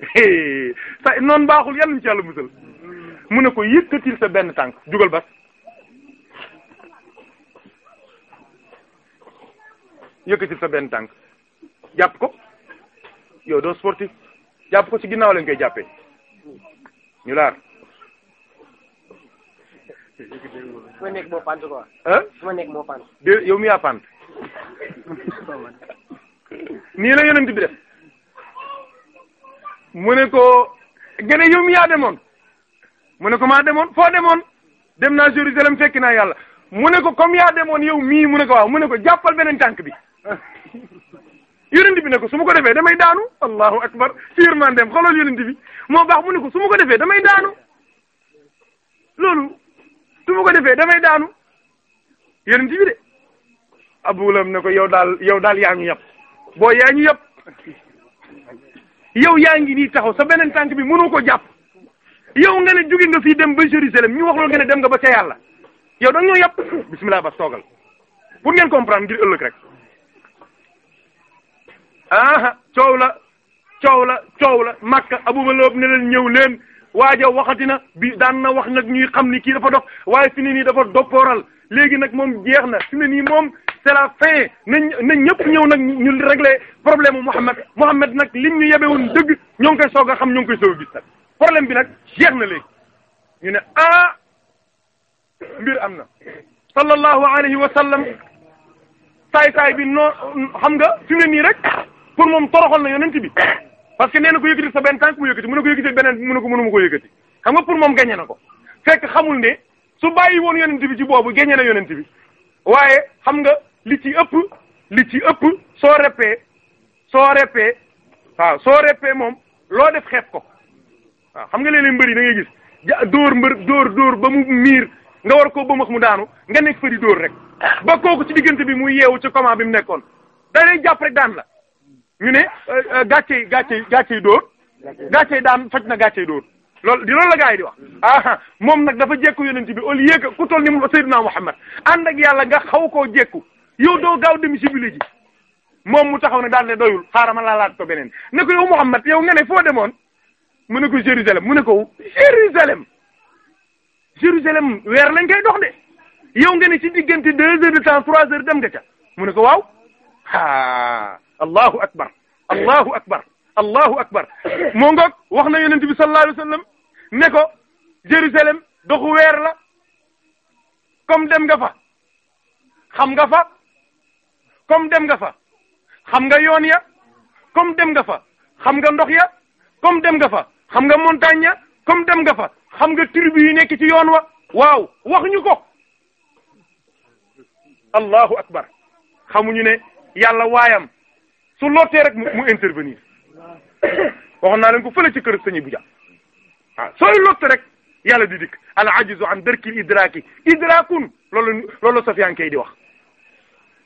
*laughs* sa noonu baaxul yal nañu ci yàlla musal mu ne ko yëkkatil sa benn tànk jugal bas yëkkatil sa benn tànk jàpp ko yow doo sportif jàpp ko ci ginnaaw lañ koy jàppee ñu laal. su nekk moo pant quoi. ah su ma nekk moo pant. de yow mi yaa pant. la yonent bi def mu ne ko a yow mi yaa demoon mu ne ko maa demoon foo demoon dem naa Jérusalem fekk naa yàlla mu ne ko comme yaa demoon yow mii mu ne ko waaw mu ne ko jàppal beneen tànk bi yonent bi ne ko su ma ko defee damay daanu allahu akbar ci yërmandeem xoolal yonent bi moo baax mu ne ko su ko defee damay daanu loolu ma ko defee damay daanu yonent bi de Abu ne ko yow daal yow daal yaa ngi yab boo yaa ngi yab yow yaa ngi nii taxaw sa beneen tànk bi mënoo ko jàpp yow nga ne jóge nga fii dem ba Jérusalem ñu wax loolu nga dem nga ba ca yàlla yow da nga ñoo bismillah ba soogal pour ngeen comprendre ngir ëllëg rek. aha coow la coow la coow la makka abuma loob ne leen ñëw leen waaja waxati na bi daan na wax nag ñuy xam ni kii dafa dox waaye fi nii dafa doppooral léegi nag moom jeex na fi ne nii moom c'est fin nañ ñëpp ñëw nag ñu régler problème mu Mouhamed Mouhamed nag lim ñu yebewoon dëgg ñoo ngi koy soog a xam ñoo ngi koy soog a gis problème bi nag jeex na léegi ñu ne ah mbir am na sallallahu alayhi wa sallam saay saay bi noo xam nga fi rek kon moom toroxal na yonent bi parce que nee na ko yëkkati sa benn tànk mu yëkkati mu ne ko yëkkati beneen mu ne ko mënuma ko yëkkati xam nga pour moom gañe na ko fekk xamul ne su bàyyi woon yonent bi ci boobu gañe na yonent bi waaye xam nga li ci ëpp li ci ëpp soo repee soo repee waaw soo repee moom loo def xeeb ko waaw xam nga léeg-léeg mbëri da ngay gis ja dóor mbër dóor dóor ba mu miir nga war koo bëmax mu daanu nga nekk fa di rek ba kooku ci diggante bi muy yeewu ci comment bi mu nekkoon da jàpp rek daan la ñu ne euh, gàcce yi gàcce yi gàcce yi dóor gàcce yi daan faj na gàcce yi dóor loolu di loolu la gars yi di wax ah moom nag dafa jékku yonent bi au lieu que ku toll ni Seydina Muhammad ànd ak yàlla nga xaw koo jékku yow doo gaaw dem sibili ji moom mu taxaw ne daal ne doyul xaaral ma laalaat ko beneen ne ko yow Muhammad yow nga ne foo demoon mu ne ko Jérusalem mu ne ko Jérusalem Jérusalem weer lañ koy dox de yow nga ne ci diggante deux heures de temps trois dem nga ca mu ne ko waaw ah. allahu akbar allahu akbar allahu akbar moo ngoog wax na yonent bi sallallahu alayhi wa sallam ne ko Jérusalem doxu weer la comme dem nga fa xam nga fa comme dem nga fa xam nga yoon ya comme dem nga fa xam nga ndox ya comme dem nga fa xam nga montagne ya comme dem nga fa xam nga tribu yi nekk ci yoon wa waaw wax ñu ko allahu akbar xamuñu ne yàlla waayam su lootee rek mu intervenir waxoon naa leen ko fële ci kër sëñ bu ja waaw ah, sooy lotte rek yàlla di dikk al ajizu an darkil idraaki idraakun loolu loolu di wax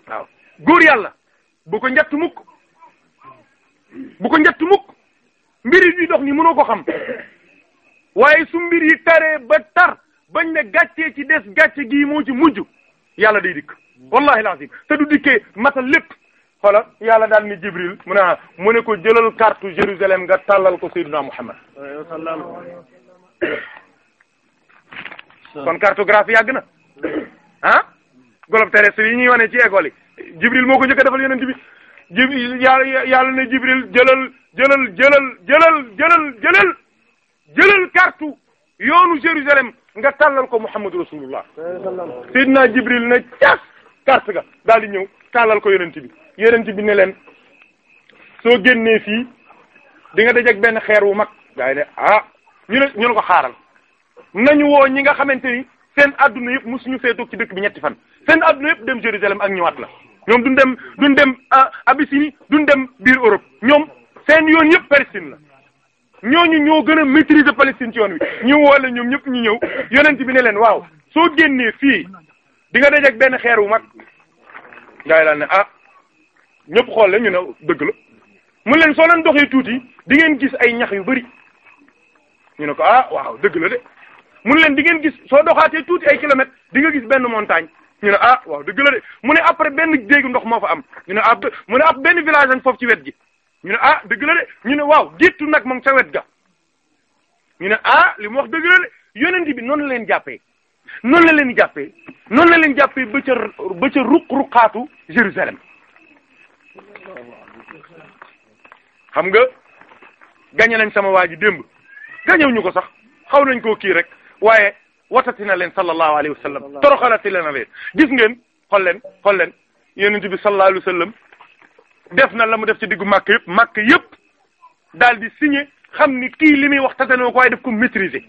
waaw góor yàlla bu ko njett mukk bu ko njett mukk mbir yi dox ni mënoo ko xam waaye su mbir taree ba tar bañ ne gàccee ci des gàcce gii moo ci mujj yàlla day dikk wallahi lazim te du dikkee matal lépp xoolal yàlla daal ni Jibril mu ne ah ko jëlal carte Jérusalem nga tàllal ko Seydina Muhammad kon cartographie yàgg na ah globe terrestre yi ñuy wane ci école yi Jibril moo ko njëkk defal yenen bi Jibril yàlla yàlla ne Jibril jëlal jëlal jëlal jëlal jëlal jëlal jëlal carte yoonu Jérusalem nga tàllal ko Muhammad rasulullah Seydina Jibril ne caas carte daal di ñëw tàllal ko yonent bi yonent bi ne leen soo génnee fii di nga dajeeg benn xeer wu mag gaa yi ne ah ñu ne ñu ne ko xaaral nañu woo ñi nga xamante ni seen adduna yëpp mu suñu toog ci dëkk bi ñetti fan seen adduna yëpp dem Jérusalem ak ñëwaat la ñoom duñ dem duñ dem ah, Abyssinie duñ dem biir Europe ñoom seen yoon yëpp Palestine la ñooñu ñoo gën a maîtriser Palestine ci yoon wi ñu woo la ñoom ñëpp ñu ñëw yonent bi ne leen waaw soo génnee fii di nga dajeeg benn xeer wu mag gaa ñëpp xool la ñu ne dëgg la mu leen soo leen doxee tuuti di ngeen gis ay ñax yu bari ñu ne ko ah waaw dëgg la de mu leen di ngeen gis soo doxaatee tuuti ay kilomètres di nga gis benn montagne ñu ne ah waaw dëgg la de mu ne après benn jéegu ndox moo fa am ñu ne ah mu ne ab benn village ak foofu ci wet gi ñu ne ah dëgg la de ñu ne waaw géttu nag moom sa wet ga ñu ne ah li mu wax dëgg la de yonent bi noonu la leen jàppee noonu la leen jàppee noonu la leen jàppee ba ca ba ca ruq ruqaatu xam nga gañe nañ sama waa ji démb gañew ñu ko sax xaw nañ ko kii rek waaye watati na leen sallallahu alayhi wa sallam toroxalati na leen gis ngeen xool leen xool leen yonent bi sallallahu alayhi wa def na la mu def ci diggu màkk yëpp màkk yëpp daal di signé xam ni kii li muy wax tatanoo ko waaye daf ko maîtriser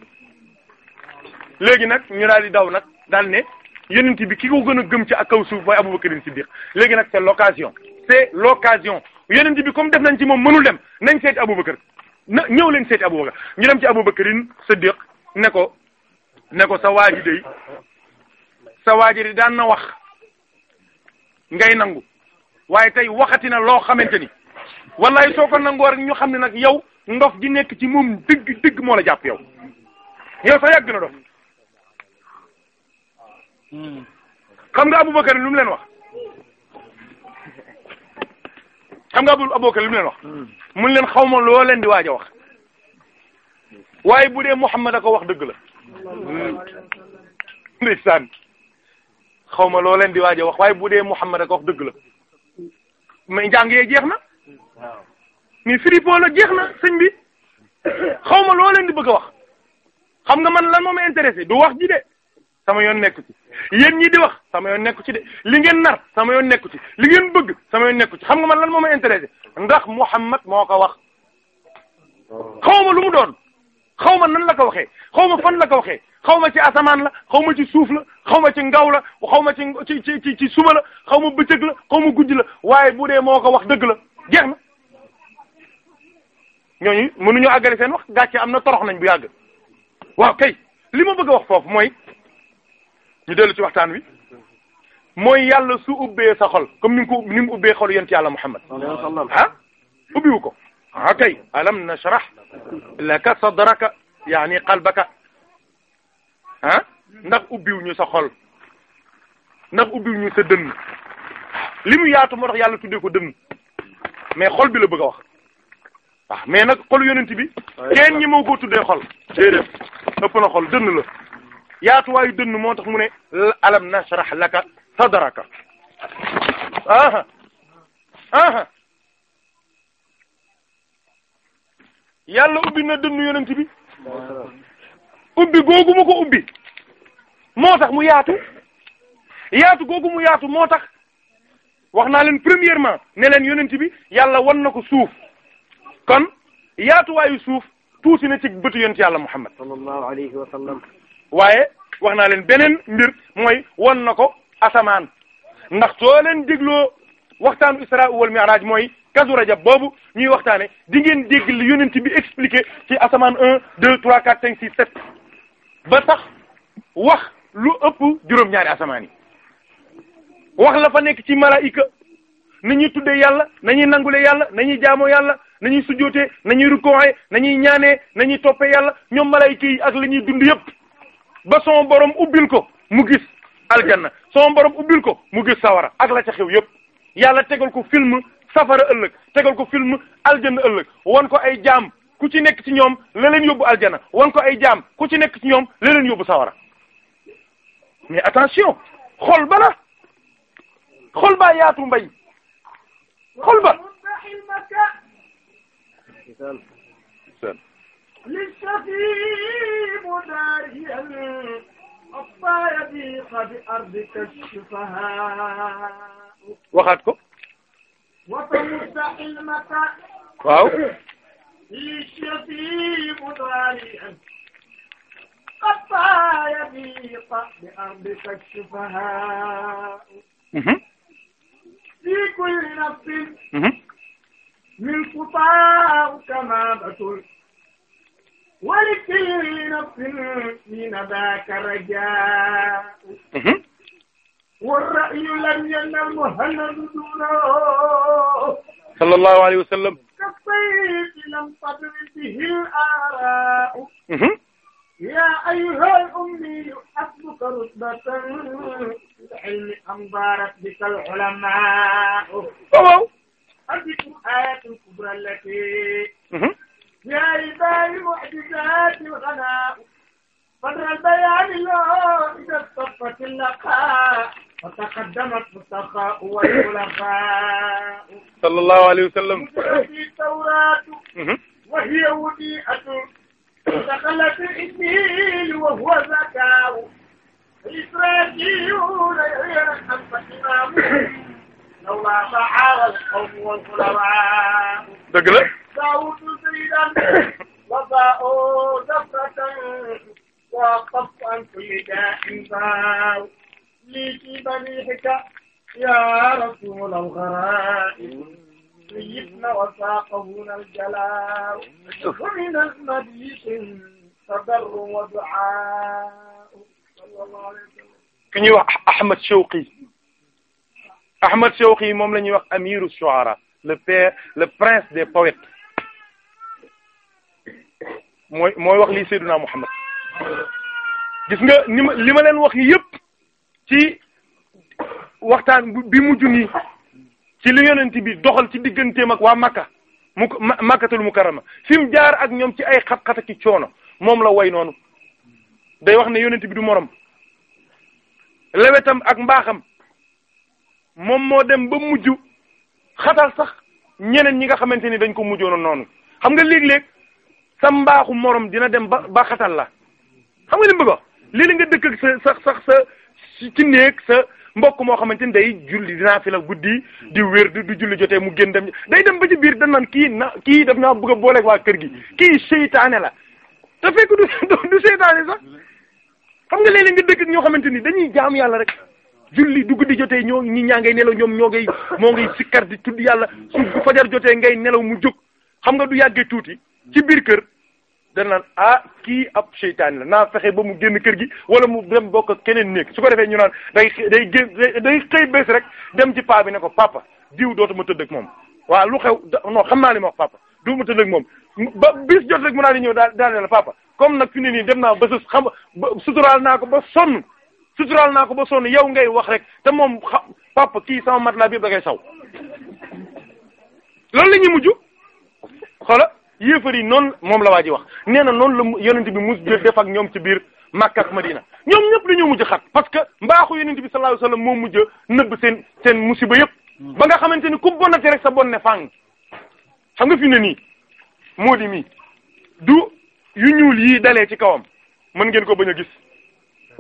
léegi nag ñu daal di daw nag daal ne yonent bi ki ko gën a gëm ci ak kaw suuf mooy Abubakar Siddiq léegi nag c'est l'occasion c'est l'occasion yonent bi comme def nañ ci moom mënul dem nañ seeti Aboubacar na ñëw leen seeti Aboubacar ñu dem ci Aboubacarin Siddiq ne ko ne ko sa waaji day sa waaji day daan na wax ngay nangu waaye tey waxati na loo xamante ni wallahi soo ko nangoo rek ñu xam ne nag yow ndof gi nekk ci moom dëgg dëgg moo la jàpp yow yow sa yàgg na dof hmm. xam nga Aboubacarin lu mu leen wax xam nga abul abubakar li mu leen wax hmm. mun leen xaw ma loo leen di waaj a wax waaye bu dee Muhammad a ko wax dëgg la hmm. ndeysaan xaw ma loo leen di waaj a wax waaye bu de Muhammad a ko wax dëgg la mais njàng yee jeex na mais firipo la jeex na bi xaw ma loo leen di bëgg a wax xam nga man lan moo ma intéressé du wax ji de sama yoon nekku ci yéen ñi di wax sama yoon nekku ci de li ngeen nar sama yoon nekku ci li ngeen bëgg sama yoon nekku ci xam nga man lan moo ma intéressé ndax Muhammad moo ko wax xawma ma mu doon xaw ma nan la ko waxee ma fan la ko waxee ma ci asamaan la xaw ma ci suuf la xaw ma ci ngaw la xawma ci ci ci ci suba la xawma bëccëg la xaw xawma guddi la waaye bu dee moo ko wax dëgg la jeex na ñooñu mënuñoo àggale seen wax gàcce am na torox nañ bu yàgg waaw kay li ma bëgg a wax foofu mooy ñu dellu ci waxtaan wi mooy yàlla su ubbee sa xol comme ni mu ko ni ubbee xol yent yàlla Muhammad ah ubbiwu ko akay alam nashrah laka sadraka yaani qalbaka ah ndax ubbiw ñu sa xol ndax ubbiw ñu sa dënn li mu yaatu moo tax yàlla tuddee ko dënn mais xol bi la bëgg a wax waaw ah, mais nag xol yonent bi kenn ñi moo ko tuddee xol déedéet ëpp na xol dënn la yaatuwaayu dënn moo tax mu ne alam nashrah laka sadraka aha aha yàlla ubbi na dënn yonent bi ubbi googu mu ko ubbi moo tax mu yaatu yaatu googu mu yaatu moo tax wax naa leen premièrement ne leen yonent bi yàlla wan na ko suuf kon yaatuwaayu suuf tuuti na ci bëtu yonent yàlla Muhammad sallallahu alayhi wa sallam waaye wax naa leen beneen mbir mooy won na ko asamaan ndax soo leen dégloo waxtaanu isra wal mi'raj mooy kazu rajab boobu ñuy waxtaane di ngeen dégg li yonent bi expliqué ci asamaan un deux trois quatre cinq six sept ba tax wax lu ëpp juróom-ñaari asamaan yi wax la fa nekk ci malaika na ñuy tuddee yàlla na ñuy nangule yàlla na ñuy jaamoo yàlla na ñuy sujjootee na ñuy rukkooxee na ñuy ñaanee na ñuy toppee yàlla ñoom malaika yi ak la ñuy dund yëpp ba sama borom ubbil ko mu gis aljanna sama borom ubbil ko mu gis sawara ak la ca xew yëpp yàlla tegal ko film safara ëllëg tegal ko film aljanna ëllëg wan ko ay jaam ku ci nekk ci ñoom la leen yóbbu aljanna wan ko ay jaam ku ci nekk ci ñoom la leen yóbbu sawara mais attention xol ba xol baa yaatu mbay xol ba للشفيع داعيا الصيديق بأرضك الشفهاء waxaat ko. وتمد علمك. waaw. للشفيع داعيا الصيديق بأرضك الشفهاء. في كل نفس. من قطاع كمامة ولكل نفس حين ذاك رجاء والرأي لم ينل مهند دونه صلى الله عليه وسلم كالصيف لم تدر به الآراء يا أيها الأمي حسبك رتبة العلم أنظارت بك العلماء الذكر آية الكبرى التي يا إباء المعجزات الغناء بدر البيان له إذا اصطفت اللقاء وتقدمت السخاء والخلقاء صلى الله عليه وسلم التوراة وهي وديعة ودخلت الإنجيل وهو زكاة إسرائيل يرحم إمامه dëgg la. ki ñuy wax Ahmed Shawqi Ahmad yi moom lañuy ñuy wax amiru shu'ara le père le prince de poètes mooy mooy wax lii Seydina Muhammad gis nga ni ma li ma leen wax yépp ci waxtaan bi mujj nii ci li yonent bi doxal ci digganteem ak waa Makka mu Makkatul Mukarrama fi jaar ak ñoom ci ay xat-xat coono moom la way noonu day wax ne yonent bi du morom lewetam ak mbaaxam. moom moo dem ba mujj xatal sax ñeneen ñi nga xamante ni dañ ko mujjoon noonu xam nga léeg-léeg sa mbaaxu morom dina dem ba ba xatal la xam nga li mu bëgg léeg-léeg nga dëkk ak sax sax sa ci néeg sa mbokk moo xamante ni day julli dinaa fi guddi di wér du julli jotee mu gën dem day dem ba ci biir dañ naan kii na kii daf naa bëgg a waa kër gi kii seytaane la te fekk *laughs* du seytaane sax xam nga léeg-léeg nga dëkk ak ñoo xamante ni dañuy jaam yàlla rek. julli du guddi jotee ñoo ñi ñaa ngay nelaw ñoom ñoo ngay moo ngay sikkar di tudd yàlla su bu fajar jotee ngay nelaw mu jóg xam nga du yàggee tuuti ci biir kër dana naan ah kii ab seytaane la naa fexe ba mu génn kër gi wala mu dem bokk ak keneen néeg su ko defee ñu naan day day gén day xëy bés rek dem ci paa bi ne ko papa diw dootuma tëdd ak moom waa lu xew non xam naa li ma wax papa du ma tëdd ak moom ba bis jot rek mu naa di ñëw daal daal ne la papa suturaal naa ko ba sonn yow ngay wax rek te moom xa papa kii sama laa bi da koy saw loolu la ñuy mujj xoola yéefar yi noonu moom la waa ji wax nee na noonu la yonent bi mus def ak ñoom ci biir Makka ak Madina ñoom ñëpp dañoo mujj xat parce que mbaaxu yonent bi sa alayhi wasallam moo mujj nëbb seen seen musiba yëpp. Hmm. ba nga xamante ni ku bonnati rek sa bonne fang. xam nga fi ne nii moo di mii du yu ñuul yi dalee ci kawam mën ngeen ko bañ a gis.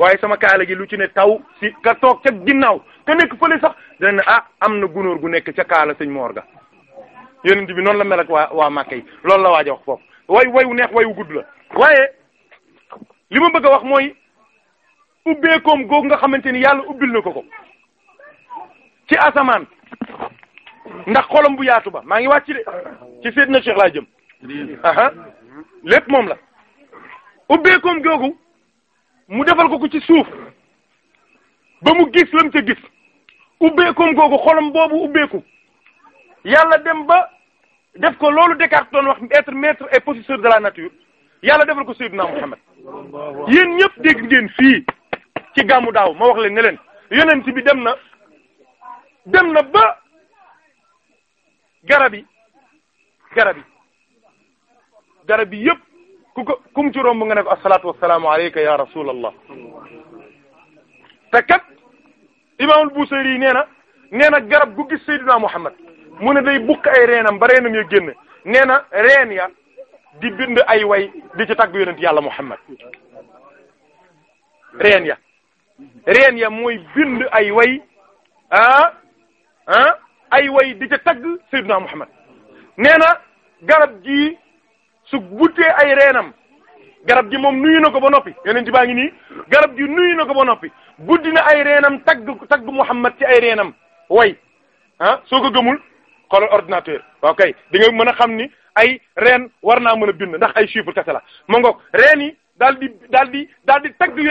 waaye sama kaala gi lu ci ne taw si ka toog ca ginnaaw ka nekk fële sax dina ne ah am na gunóor gu nekk ca kaala sëñ moor ga yonent bi noonu la mel waa waa yi loolu la waaj a wax foofu way wayu neex wayu gudd la waaye li ma bëgg a wax mooy ubbeekoom googu nga xamante ni yàlla ubbil na ko ko ci asamaan ndax xolam bu yaatu ba maa ngi wàcc de ci seet na Cheikh laa jëm aha lépp moom la ubéekoom googu mu defal ko ko ci suuf ba mu gis lam ca gis ubbeekoom googu xolam boobu ubbeeku yàlla dem ba def ko loolu Descartes doon wax être maître et possesseur de la nature yàlla defal ko Seydina Muhammad yéen ñëpp dégg ngeen fii ci gàmmu daaw ma wax leen ne leen yonent bi dem na dem na ba garab yi garab yi garab yi yëpp ku ko kum ci romb nga ne ko asalaatu wasalaamu alayka ya rasulallah te kat imaamul Busayri yi nee na garab gu gis Seydina Muhammad mu ne day bukk ay reenam ba reenam ya génn nee na reen ya di bind ay way di ci tagg yonent yàlla Muhammad reen ya reen ya mooy bind ay way ah ah ay way di ca tagg Seydina Muhammad nee garab gii su buttee ay reenam garab gi moom nuyu na ko ba noppi yonent baa ngi nii garab gi nuy na ko ba noppi buddi na ay reenam tagg tagg Muhammad ci ay reenam way ah soo ko gëmul xoolal ordinateur ok di nga mën a xam ni ay reen war naa mën a bind ndax ay chiffre kese la ma ngoog reen yi daal di daal di daal di tagg bi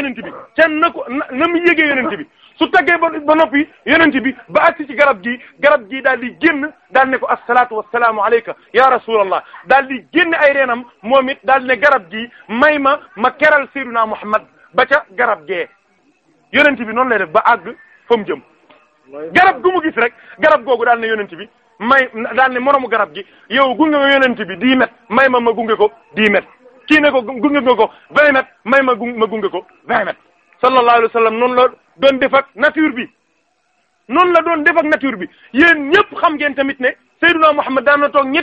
kenn na ko na mu yëgee yonent bi su taggee ba ba noppi yonent bi ba agsi ci garab gi garab gi daal di génn daal ne ko asalaatu wasalaamu alayka ya rasulallah daal di génn ay reenam moom it daal ne garab gi may ma ma keral sayyiduna Muhammad ba ca garab gee yonent bi noonu lay def ba àgg fa mu jëm garab gu mu gis rek garab googu daal ne yonent bi may daal moroomu garab gi yow gunge nga yonent bi dix may ma ma gunge ko dix mètres kii ne ko gunge nga ko vingt may ma ma gunge ko vingt sallallahu alayhi wa sallam noonu la doon def ak nature bi noonu la doon def ak nature bi yéen ñëpp xam ngeen tamit ne Seydina Muhammad daan na toog ñetti